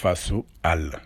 fasu àll